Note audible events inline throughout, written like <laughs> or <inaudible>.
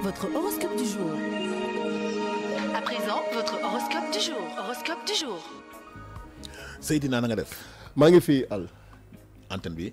votre horoscope du jour. À présent, votre horoscope du jour. Horoscope du jour. Seydina nga al antenne B.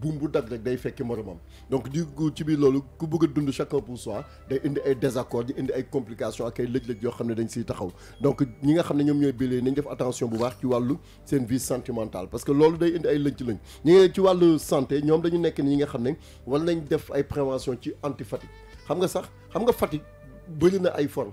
buum dag rek day fekk moromam donc du coup ci biir loolu ku bëgg dund chacun pour soi day indi ay désaccords indi ay complications ak ay lëj-lëj yo xam dañ ci taxaw donc ñi nga xam ñom ñoy bëlé bélier nañ def attention bu baax ci walu seen vie sentimentale parce que loolu day indi ay lënc-lënc ñi nga ci walu santé ñom dañu nekk ni ñi nga xam ne war nañ def ay prévention ci anti fatigue xam nga sax xam nga fatigue bëri na ay forme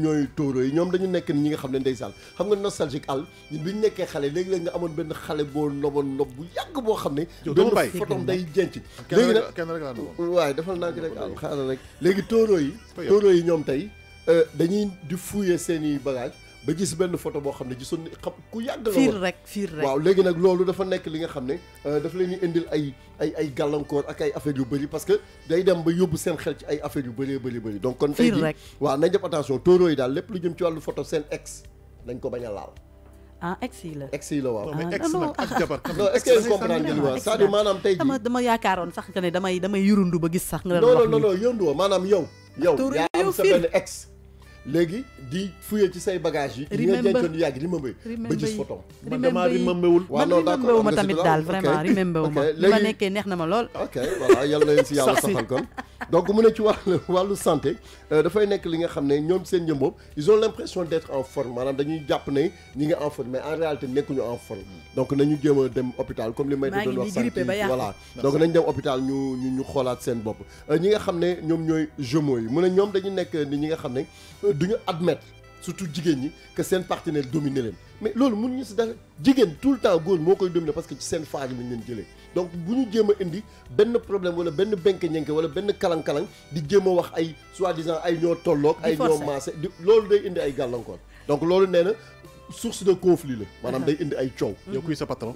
ñoom ñooy tóoro yi ñoom dañu nekk ni ñi nga xam ne ndeysaan xam nga nostalgique àll ñun bi ñu nekkee xale léegi-léegi nga amoon benn xale boo noboon nob bu yàgg boo xam ne doon photom day jenc léegi nag kenn rek la waaye defal naa ko rek àll xaaral rek léegi tóoro yi tóoro yi ñoom tey euh, dañuy di fuuyee seen i bagage ba gis benn photo boo xam ne gisoon xam ku yàgg la fiir rek fiir rek waaw léegi nag loolu dafa nekk li nga xam ne euh, dafa leen di indil ay ay ay gàllankoor ak ay affaire yu bëri parce que day dem ba yóbbu seen xel ci yu bëree bëri bëri kon tey jii waaw nañ def attention tóoroo yi lépp lu jëm ci wàllu photo seen ex nañ ko a ah, la ex yi la waaw mais ah, ex nag ak jabar <laughs> non est-ce que comprendre maanaam tey jii dama yaakaaroon sax que ne damay damay yurundu ba gis sax yow yow léegi di fuyee ci say bagage yi. remember ñoo dencoon yàgg remember ba gis photo man dama remember wul. waaw loolu d'accord man remember tamit dal vraiment remember wuma ok ma nekkee neex na ma lool. ok voilà yalla na ci yalla saxal kon. donc mu ne ci wàllu walu santé euh, da fay nekk li nga xamné ñom seen ñëmbop ils ont l'impression d'être en forme manam dañuy japp né ñi nga en forme mais en réalité ñu en forme donc nañu jëma dem hôpital comme li may doon wax sànq voilà donc nañ dem hôpital ñu ñu xolaat seen bop euh, ñi nga xamné ñom ñoy ñooy yi mu ne ñom dañuy nekk ni ñi nga xamné duñu admettre surtout que sen partenaire dominer mais loolu ñu tout le temps goor dominer parce que ci sen donc si ñu indi ben problème wala problème, benk wala kalang-kalang di soi-disant ay ñoo tolloog ay ñoo maase day indi ay galankor donc loolu néna source de conflit la manam day indi ay yow sa patron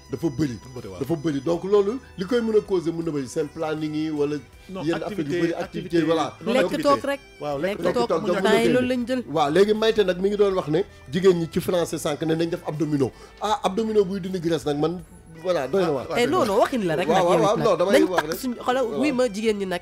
dafa bëri dafa bëri donc loolu li koy mën a causer mën na bëri seen planning yi wala yenn affaire yu bëri activité voilà lekk toog rek waaw lekk toog donc loolu lañ jël waaw léegi mayte nag mi ngi doon wax ne jigéen ñi ci français sànq ne nañ def abdominaux ah abdominaux buy dindi graisse nag man voilà doy na waar eh, non non waxin la rek nag yow non damay wax rek suñ xoolal wuy ma jigéen ñi nag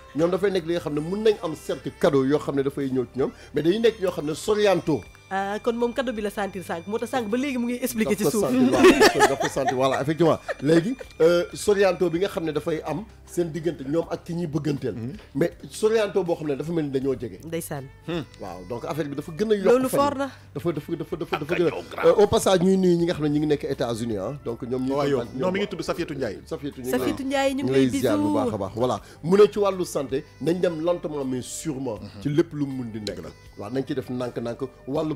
ñoom dafay nekk li nga xam ne mun nañ am certes cadeau yoo xam ne dafay ñëw ñoom mais dañuy nekk yoo xam ne sorianto ah kon moom cadeau bi la sentir sànq moo tax ba léegi mu ngi expliquer ci suuf daf ko léegi euh, sorianto bi nga xam ne dafay am seen diggante ñoom ak ki ñuy bëgganteel hmm. mais sorianto boo xam ne dafa mel ni dañoo jege ndeysaan hmm. waaw donc affaire dafa gën a yokk loolu fort na dafa dafa euh, nga xam ne ngi ñu ngi tudd Safiatou Ndiaye Safiatou Safiatou Ndiaye ñu ngi lay ziar bu baax a baax voilà mu ne ci wàllu santé nañ dem lentement mais sûrement hmm. ci lépp lu mun di nekk la nañ ci def nànk-nànk wàllu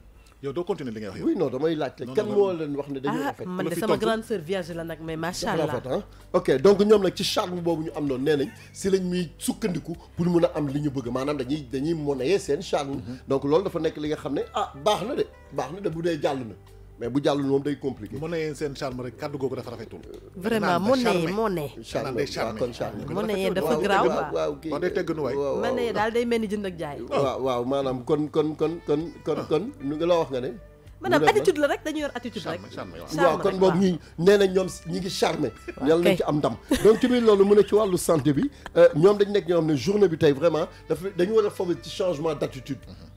yow doo continuer li ngay wax yow. oui damay laaj te kan moo leen wax ne dañuy ah, rafet. man de sama grande sœur vierge la nag mais macha allah rafet ah. ok donc ñoom nag ci charme boobu ñu am noonu nee nañ si lañ muy sukkandiku pour mu a am li ñu bëgg maanaam dañuy dañuy monnayer seen charme. Mhm. donc loolu dafa nekk li nga xam ne ah baax na de baax na de bu dee jàll na. mais bu jàll moom day compliqué. mu ne yéen seen charme rek kàddu googu dafa rafetul. vraiment mu ne mu ne. charme waaw dafa garaaw waaw waaw tegg nu waay. mu ne mel ni jënd ak jaay. waaw maanaam kon kon kon kon kon ah. kon nu nga la wax nga ne. maanaam attitude la rek dañu yor attitude rek kon boobu ñoom ñi ngi charmé yàlla nañ ci am ndam donc ci biir loolu mu ne ci wàllu santé bi euh, ñoom dañ nekk ñoo xam ne journée bi tey vraiment dafa dañu war a foofu ci changement d'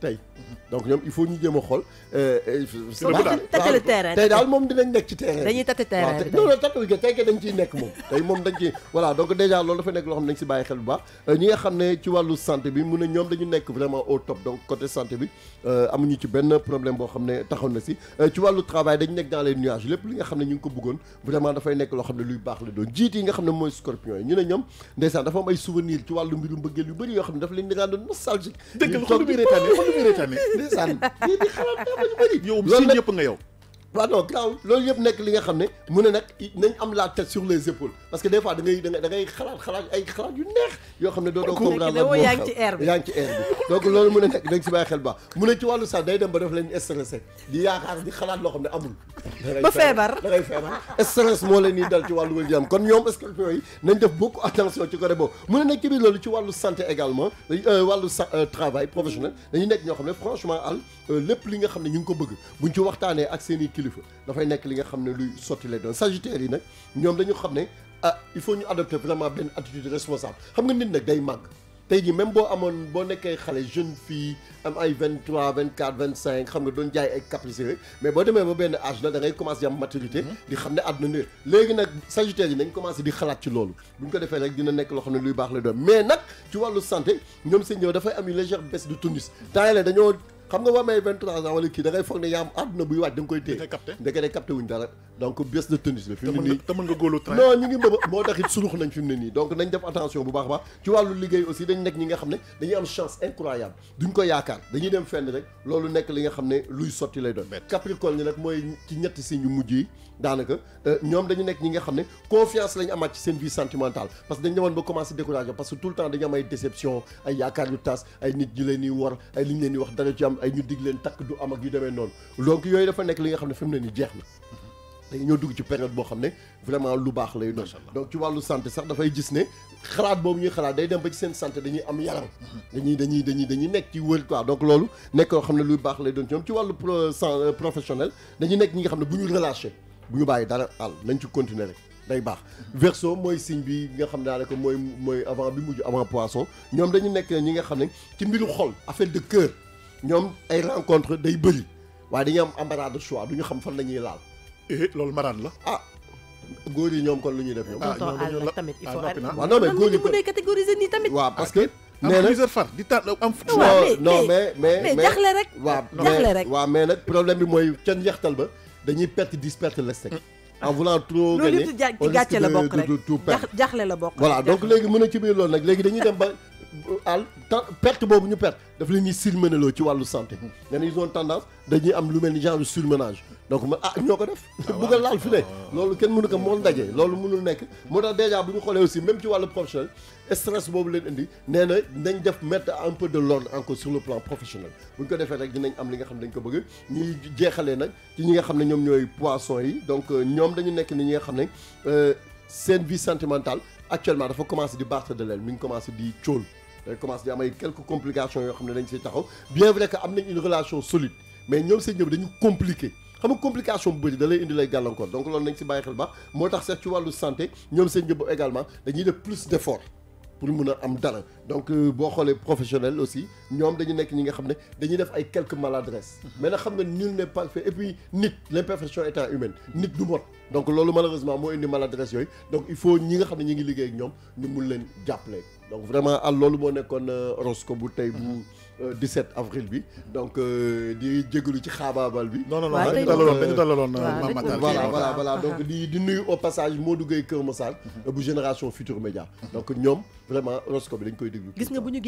tey donc ñom il faut ñu jéem xol euh, euh tàtte le terrain tey daal moom dinañ nek ci terrain dañuy tàtte terrain non non non tàtte tay tey dañ ci nek mom tay mom dañ ci voilà donc déjà lolu dafa nek lo xam ne dañ si bàyyi xel bu baax euh, ñi nga xam ci walu santé bi mu ne ñoom dañu nek vraiment au top donc côté santé bi euh amuñu ci ben problème bo xam taxaw na euh, ci ci walu travail dañu nek dans les nuages lepp li nga xam ñu ko bëggoon vraiment dafay nekk loo xam ne luy baax la do jiti nga xam ne scorpion ñu ne ñom ndeysaan dafa am ay souvenir ci walu mbirum bëggel yu bëri yoo xam ne dafa leen xol bi nostalgique première année. ndeysaan di xalaat daa bëri yow si ñëpp nga yow pardon garaawul loolu yëpp nekk li nga xam ne mu nañ am la tête sur les épaules parce que des fois da ngay da ngay xalaat xalaat ay xalaat yu neex yoo xam ne doo doo comprendre yaa ngi ci air bi yaa ngi ci air donc loolu mu ne nekk dañ xel baax mu ci wàllu sax day dem ba di di stress dal ci kon beaucoup attention ci ci ci santé également euh, euh, travail professionnel dañuy nekk ñoo franchement al Euh, lépp li nga xam ne ñu ngi ko bëgg bu buñ ci waxtaanee ak seeni i kilifa dafay nekk li nga xam ne luy sotti lay doon sagittaire yi nag ñoom dañu xam ne ah il faut ñu adopter vraiment benn attitude responsable xam nga nit nag day màgg tey jii même boo amoon boo nekkee xale jeune fille am ay vingt trois vingt quatre vingt xam nga doon jaay ay mais boo demee ba benn âge la da ngay commencé am maturité. Mm-hmm. di xam ne àdduna ne léegi nag sagittaire yi nañ commencé di xalaat ci loolu bu ko defee rek dina nekk loo xam ne luy baax la doon mais nag ci wàllu santé ñoom seen ñëw dafay am une légère baisse de tonus temps dañoo. xam nga boo amee 23 ans a kii da ngay foog ne yaa àdduna buy waaj da koy téye ndeke day capté wuñ dara donc bés de tennis le fi mu ne nii nga góolu train non ñu ngi bëgg moo tax it surux nañ fi mu ne nii donc nañ def attention bu baax ba ci walu liggéey aussi dañ nek ñi nga xam dañuy am chance incroyable duñ ko yaakaar dañuy dem fenn rek lolu nek li nga xam luy soti lay doon capricorne ni nak moy ci ñetti signe yu mujj yi daanaka euh, dañu nek ñi nga xam confiance lañ amat ci seen vie sentimentale parce que dañ demone ba commencer décourager parce que tout le temps dañu am ay déception ay yaakaar yu tass ay nit ñu leen di war ay li ñu leen di wax dara ci am ay ñu dig leen tak du am ak yu demee non donc yoy dafa nek li nga xam ne fi ne nii jeex na ñoo dugg ci période boo xam ne vraiment lu baax lay doon donc ci wàllu santé sax dafay gis ne xalaat boobu ñuy xalaat day dem ba ci seen santé dañuy am yaram dañuy dañuy dañuy dañuy nekk ci wër quoi donc loolu nekk loo xam ne lu baax lay doon ci ñoom ci wàllu euh, professionnel dañuy nekk ñi nga xam ne bu ñu relâché bu ñu bàyyi dara àll nañ ci continuer rek day baax verso mooy signe bi nga xam naa ne que mooy mooy avant bi mujj avant poisson ñoom dañuy nekk ñi nga xam ne ci mbiru xol affaire de cœur ñoom ay rencontre day bëri waaye dañuy am embarras de choix duñu xam fan la ñuy laal eh, loolu maraan la ah goor yi ñom kon lu ñuy def ah, ñoom ah tamit il ah, faut ah non mais goor yi ko catégoriser nii tamit wa parce que ah, nee na far di ta am fu non mais mais mais jaxlé rek wa jaxlé rek wa mais nak problème bi moy ca ñextal ba dañuy perte dis perte les mm. en voulant trop gagner loolu ci gàcce la bokk rek jaxlé la bokk voilà donc légui mëna ci biir loolu nak légui dañuy dem ba al perte bobu ñu perte daf leen ñuy surmenelo ci walu santé nee na ils ont tendance dañuy am lu melni genre surmenage donc ma ah ñoo ko def ah, bëgg a laal fi ne loolu kenn mënu ko mo ndaje ah, loolu mënu nekk moo tax déjà bu ñu xoolee aussi même ci walu professionnel stress bobu leen indi nee na nañ def mettre un peu de l'ordre encore sur le plan professionnel buñ ko defee rek dinañ am li nga xam dañ ko bëgg ñi jéxalé nag ci ñi nga xam né ñom ñoy poisson yi donc euh, ñom dañu nekk ni nga xam né euh scène vie sentimentale actuellement dafa commencer di battre de l'aile mi ngi commencé di cóol day commencé di am ay quelques complications yo xam ne dañ ci taxaw bien vrai que am nañ une relation solide mais ñom seen ñëw dañu compliquer xam nga complication bu bëri da lay indi lay gàllankoor donc loolu nañ si bàyyi xel baax moo tax sax ci wàllu santé ñoom seen njëbb également dañuy def plus d'effort pour mun a am dara donc euh, boo xoolee professionnel aussi ñoom dañu nekk ñi nga xam ne dañuy def ay quelques maladresses. mais nag xam nga nul n'est parfait et puis nit l'imperfection étant humaine nit du mot. donc loolu malheureusement moo indi maladresse yooyu donc il faut ñi nga xam ne ñu ngi liggéey ak ñoom ñu mun leen jàppale donc vraiment à ah, loolu moo nekkoon euh, horoscope bu tey bu. 17 euh, avril bi donc euh, di djeglu ci non non non euh, voilà voilà voilà donc di di au passage Modou Gueye keur mhm. génération Future Média. donc ñom vraiment dañ koy